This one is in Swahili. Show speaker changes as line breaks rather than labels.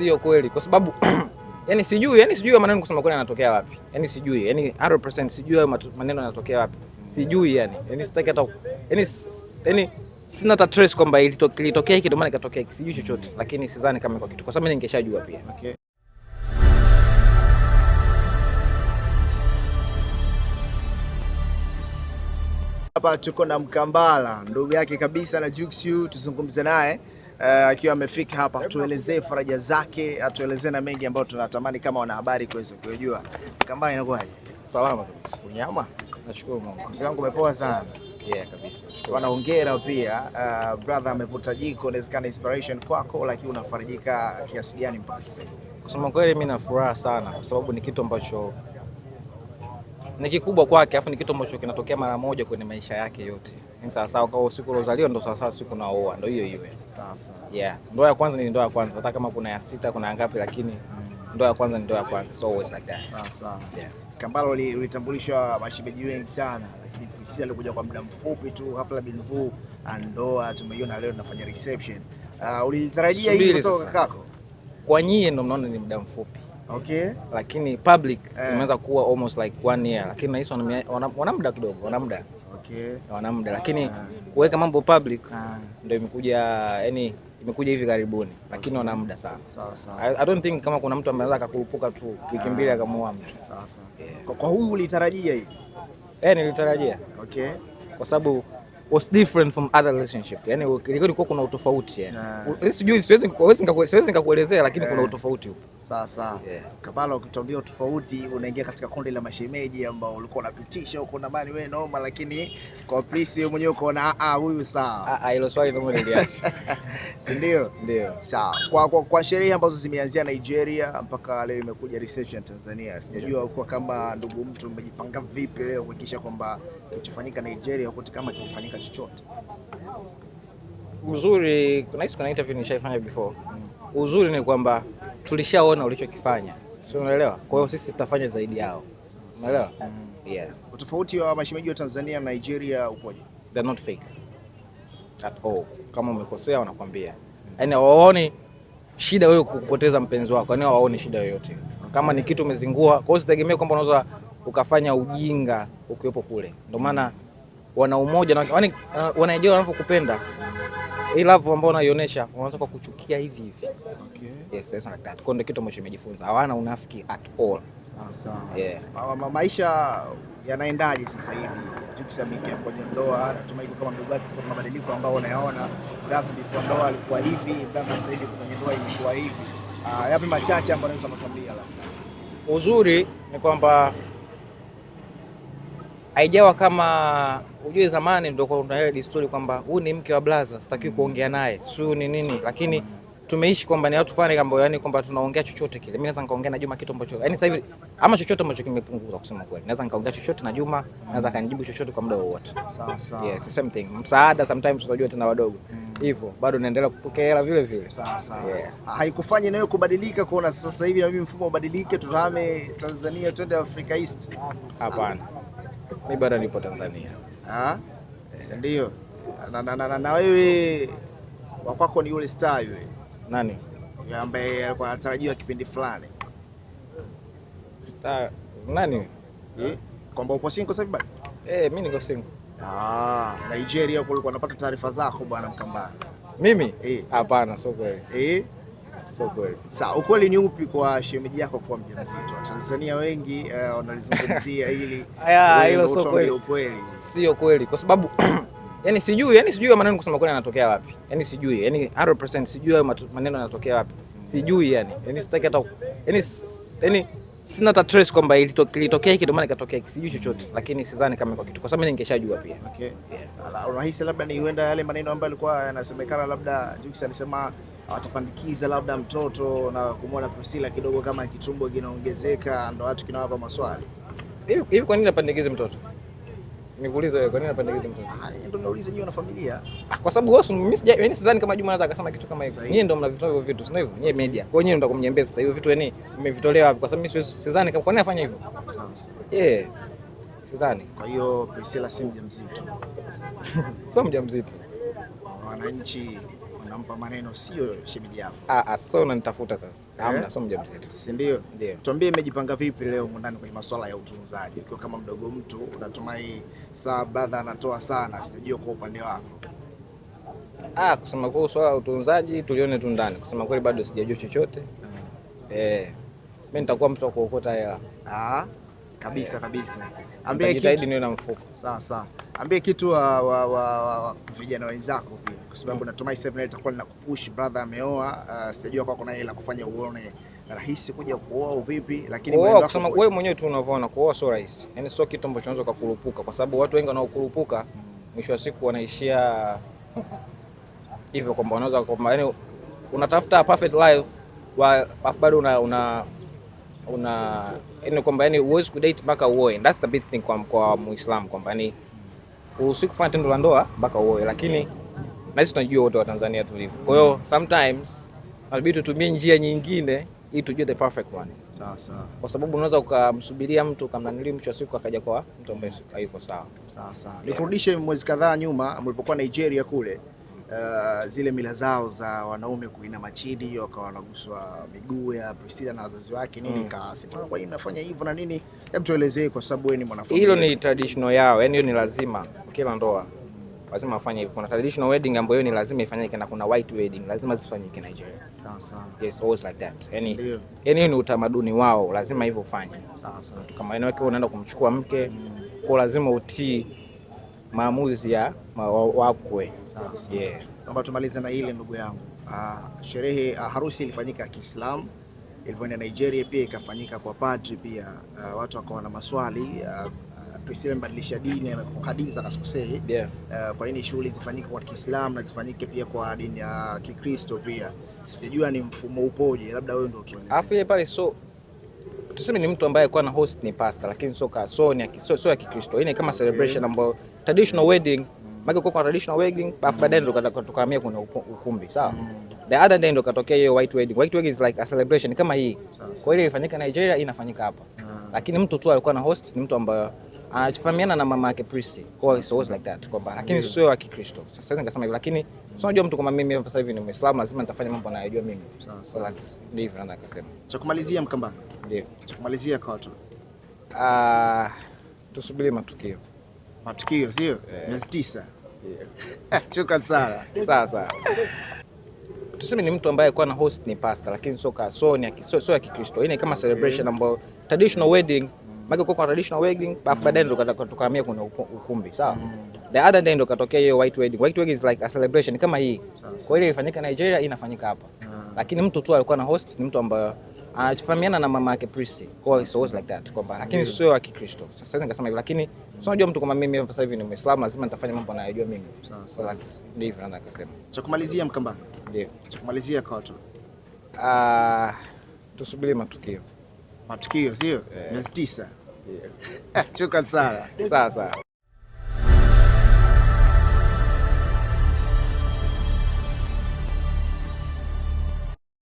Sio kweli kwa sababu yani sijui yani sijui maneno kusema kweli yanatokea wapi. Yani sijui yani 100% sijui hayo maneno yanatokea wapi. Sijui yani. Yani sitaki hata yani yani sina hata trace kwamba ilitokea hiki ndio maana ikatokea hiki. Sijui chochote lakini sidhani kama iko kitu kwa sababu mimi ningeshajua pia. Okay.
Hapa tuko na Mkambala ndugu yake kabisa na Jux tuzungumze naye. Eh, akiwa amefika hapa tuelezee faraja zake, atuelezee na mengi ambayo tunatamani kama wanahabari kuweza kujua. Kambani, inakuwaje?
Salama kabisa. Unyama? Nashukuru Mungu.
Mzee wangu umepoa sana. Yeah, kabisa. Bwana, hongera pia. Uh, brother amevuta jiko, inawezekana inspiration kwako, lakini unafarijika kiasi gani mpaka sasa?
Kusema kweli, mimi na furaha sana kwa sababu ni kitu ambacho ni kikubwa kwake, afu ni kitu ambacho kinatokea mara moja kwenye maisha yake yote ni yaani sawasawa kwa siku ulozaliwa ndo sawasawa siku unaoa ndo hiyo hiyo. Sasa yeah, ndoa ya kwanza ni ndoa ya kwanza, hata kama kuna ya sita kuna ngapi, lakini mm. ndoa ya kwanza ni ndoa ya kwanza, so always like that. Sasa yeah,
Kambalo ulitambulishwa mashibeji wengi sana, lakini Priscilla alikuja kwa muda mfupi tu, hafla bin vu ndoa tumeiona leo tunafanya reception. Uh, ulitarajia hii kutoka kako
Kwa nyie ndo mnaona ni muda mfupi Okay. Lakini public eh. imeanza uh, kuwa almost like one year, lakini nahisi wana muda kidogo, wana muda okay. Eh. wana muda lakini ah. kuweka mambo public ah. ndio imekuja yani imekuja hivi karibuni, lakini wana muda sana.
Sawa sawa.
I, don't think kama kuna mtu ambaye akakurupuka tu wiki ah. mbili akamuua mtu.
Sawa sawa. Kwa, kwa huu ulitarajia hii?
Eh, nilitarajia. Okay. Kwa sababu was different from other relationship. Yaani ilikuwa kuna utofauti yani. Ah. Sijui siwezi siwezi nikakuelezea lakini kuna eh. utofauti huko.
Sasa yeah. Kabla ukitambia tofauti, unaingia katika kundi la mashemeji ambao ulikuwa unapitisha huko na bani wewe noma, lakini kwa Priscy mwenyewe ukoona a ah, ah, huyu sawa.
Ah, ah hilo swali ndio niliacha,
si ndio? Ndio, sawa. Kwa, kwa, kwa sherehe ambazo zimeanzia Nigeria mpaka leo imekuja reception Tanzania, sijajua huko kama ndugu mtu umejipanga vipi leo kuhakikisha kwamba kilichofanyika Nigeria huko kama kilifanyika chochote
uzuri. Kuna hizo kuna interview nishaifanya before. Mm. Uzuri ni kwamba tulishaona ulichokifanya, si unaelewa? Kwa hiyo sisi tutafanya zaidi yao, unaelewa? Mm. Yeah.
Utofauti wa mashemeji wa Tanzania na Nigeria upoje?
They're not fake at all. Kama umekosea wanakwambia, mm. yaani hawaoni shida wewe kupoteza mpenzi wako, yaani hawaoni shida yoyote. Kama ni kitu umezingua, kwa hiyo usitegemee kwamba unaweza ukafanya ujinga ukiwepo kule. Ndio maana wana umoja na yaani, wanajua wanavyokupenda, hii love ambayo unaionyesha, wanaanza kwa kuchukia hivi hivi yes, yes, like that. Kwa ndio kitu ambacho nimejifunza, hawana unafiki at all. Sawa sawa. Yeah.
Ma maisha yanaendaje sasa hivi? kwenye ndoa, natumai kama mdogo wake mabadiliko ambayo unayaona, before ndoa alikuwa hivi, sasa hivi kwenye ndoa imekuwa hivi. Ah, yapi machache ambayo unaweza kutuambia
Uzuri ni kwamba haijawa kama ujue, zamani ndio ile kwamba huyu ni mke wa blaza, sitakiwi mm. kuongea naye, siyo ni nini, lakini mm tumeishi kwamba ni watu fulani kama yani kwamba tunaongea chochote kile. Mimi naweza nikaongea na Juma kitu ambacho yani sasa hivi ama chochote ambacho kimepunguza kusema kweli. Naweza nikaongea chochote na Juma, naweza kanijibu chochote kwa muda wowote. Sawa sawa. Yes, the same thing. Msaada sometimes unajua tena wadogo. Hivyo mm. Bado naendelea kupokea hela vile vile. Sawa sawa. Yeah.
Haikufanya nayo kubadilika kuona sasa hivi na mimi mfumo ubadilike tutahame Tanzania twende Afrika East.
Hapana. Mimi bado nipo Tanzania.
Ah? Yeah. Ndio. Na, na, na, na, na wewe wakwako ni yule star yule. Nani? Ambaye alikuwa anatarajiwa kipindi fulani.
Star nani?
Eh, kwamba upo single sasa hivi bado?
Eh, mimi niko single.
Ah, Nigeria huko ulikuwa unapata taarifa zako bwana Mkambani. Mimi? Eh.
Hapana, sio kweli. Eh? Sio kweli.
Sasa ukweli ni upi kwa shemeji yako kuwa mjamzito? Tanzania wengi eh, wanalizungumzia uh, hili.
Hilo sio kweli. Sio kweli kwa sababu yani sijui, yani sijui maneno kusema kweli yanatokea wapi, yani sijui, yani 100% sijui hayo maneno yanatokea wapi, sijui yani, yani sitaki hata yani, yani sina hata trace kwamba ilitokea hiki ndio maana ikatokea, hiki. sijui chochote, lakini sidhani kama iko kitu, kwa sababu mimi ningeshajua pia.
Okay, yeah. Unahisi labda ni huenda yale maneno ambayo alikuwa yanasemekana, labda Jux alisema atapandikiza labda mtoto na kumwona Priscilla kidogo kama kitumbo kinaongezeka, ndo watu kinawapa maswali
hivi. Kwa nini apandikize mtoto? Nikuulize wewe kwa nini unapendekeza mtoto?
Ah, ndio nauliza hiyo na familia.
Ah, kwa sababu wewe mimi sija yaani sidhani kama Juma anaweza akasema kitu kama hicho. Nyinyi ndio mnavitoa hivyo vitu, sio hivyo? Nyinyi media. Kwa hiyo nyinyi ndio mkumnyembea sasa hivyo vitu yani mmevitolea wapi? Kwa sababu mimi sidhani kama kwa nini afanya hivyo. Eh. Sidhani.
Kwa hiyo Priscilla si mjamzito.
Sio mjamzito.
Wananchi unampa maneno sio shemeji yako.
Ah ah, sasa unanitafuta sasa. Eh? Hamna, sio mjamzito. Si ndio? Ndio.
Tuambie umejipanga vipi leo ndani kwenye masuala ya utunzaji. Ukiwa kama mdogo mtu unatumai saa brother anatoa sana, sijajua kwa upande wako. Ah, kusema kwa swala
utunzaji tulione tu ndani. Kusema kweli bado sijajua chochote. Mm. Eh. Mimi nitakuwa mtu wa kuokota hela. Ah, kabisa kabisa. Eh, Ambie kitu. Jitahidi niwe na mfuko. Sawa sawa ambie kitu wa, wa, wa, wa wa vijana wenzako pia, kwa sababu natumai sasa hivi itakuwa linakupush brother ameoa. Uh, sijajua kwako naye la kufanya uone rahisi kuja kuoa vipi, lakini kusema wewe mwenyewe tu unavyoona kuoa sio rahisi, yani sio kitu ambacho unaweza kukurupuka, kwa sababu watu wengi wanaokurupuka mwisho wa siku wanaishia hivyo kwamba unaweza kwamba yani unatafuta perfect life wa bado una una
una yani kwamba yani uwezi kudate mpaka uoe. That's the big thing kwa kwa Muislamu kwamba yani uruhusi kufanya tendo la ndoa mpaka uoe, lakini na sisi tunajua wote wa Tanzania tulivyo. Kwa hiyo sometimes inabidi tutumie njia nyingine
ili tujue the perfect one. Sawa sawa. Kwa sababu unaweza ukamsubiria mtu kamnanili mchwa wa siku akaja kwa mtu ambaye hayuko sawa. Sawa sawa. Nikurudishe mwezi kadhaa nyuma mlipokuwa Nigeria kule Uh, zile mila zao za wanaume kuina machidi wakawa wanaguswa miguu ya Priscilla na wazazi wake nini, mm. kasi. kwa nini nafanya hivyo na nini Hebu tuelezee kwa sababu wewe ni mwanafunzi. Hilo ni
traditional yao, yani hiyo ni lazima kila ndoa lazima afanye hivyo. Kuna traditional wedding ambayo hiyo ni lazima ifanyike na kuna white wedding lazima zifanyike Nigeria. Sawa sawa. Yes, always like that. Yani yani hiyo ni utamaduni wao, lazima hivyo ufanye. Sawa sawa. Kama wewe unaenda kumchukua mke, mm. kwa lazima utii maamuzi ya ma, wakwe. Sawa sawa.
Yeah. Naomba tumalize na ile ndugu yangu. Ah, sherehe ah, harusi ilifanyika Kiislamu ilivyoenda Nigeria pia ikafanyika kwa padri pia, uh, watu wakawa na maswali uh, ah, ah, mbadilisha dini Khadija kasikosei, yeah. Uh, kwa nini shughuli zifanyike kwa Kiislamu na zifanyike pia kwa dini ya uh, Kikristo pia, sijajua ni mfumo upoje, labda wewe ndio tueleze. Afu ile pale so tuseme ni mtu ambaye alikuwa na host ni pastor, lakini so ka so ni so, so ya Kikristo. Hii ni kama celebration ambayo traditional wedding maana kwa traditional wedding, bafu baadaye ndo
tukahamia kuna ukumbi, sawa? Mm. The other day ndo katokea
hiyo white wedding. White wedding is like a celebration kama hii. Kwa hiyo
ifanyika Nigeria, inafanyika hapa. Mm. Lakini mtu tu alikuwa na host ni mtu ambaye
anafahamiana na mama yake Prissy. Kwa hiyo so was like that kwamba lakini sio wa Kikristo. Sasa ningesema hivyo lakini sio unajua mtu kama mimi sasa hivi ni Muislamu lazima nitafanya mambo anayojua mimi. Sawa. Ndio hivyo naenda akasema. Cha kumalizia Mkamba. Ndio. Cha kumalizia kwa watu. Ah, tusubiri matukio matukio sio eh. miezi tisa. Eh. Shukrani sana. Sawa sawa. tuseme ni mtu ambaye kwa na host ni pastor, lakini sio ka so ni sio ya Kikristo. Ni kama eh. celebration ambayo traditional wedding maki kwa traditional wedding baada mm. baadaye ndo
tukahamia kuna ukumbi sawa. Mm. The other day ndo katokea
hiyo white wedding. White wedding is like a celebration kama hii, kwa hiyo
ilifanyika Nigeria, inafanyika hapa, ah. lakini mtu tu alikuwa na host ni mtu ambaye
anafahamiana na mama yake Prisi Kwa so was like that kwamba lakini sio wa Kikristo. Sasa hivi nikasema hivyo lakini sio unajua mtu kama mimi hapa sasa hivi ni Muislamu lazima nitafanya mambo anayojua mimi. Sasa ndio hivyo naanza kusema. Cha kumalizia Mkamba. Ndio. Cha kumalizia kwa watu. Ah, tusubiri matukio. Matukio sio? Eh. Miezi tisa. Shukrani sana. Sawa sawa.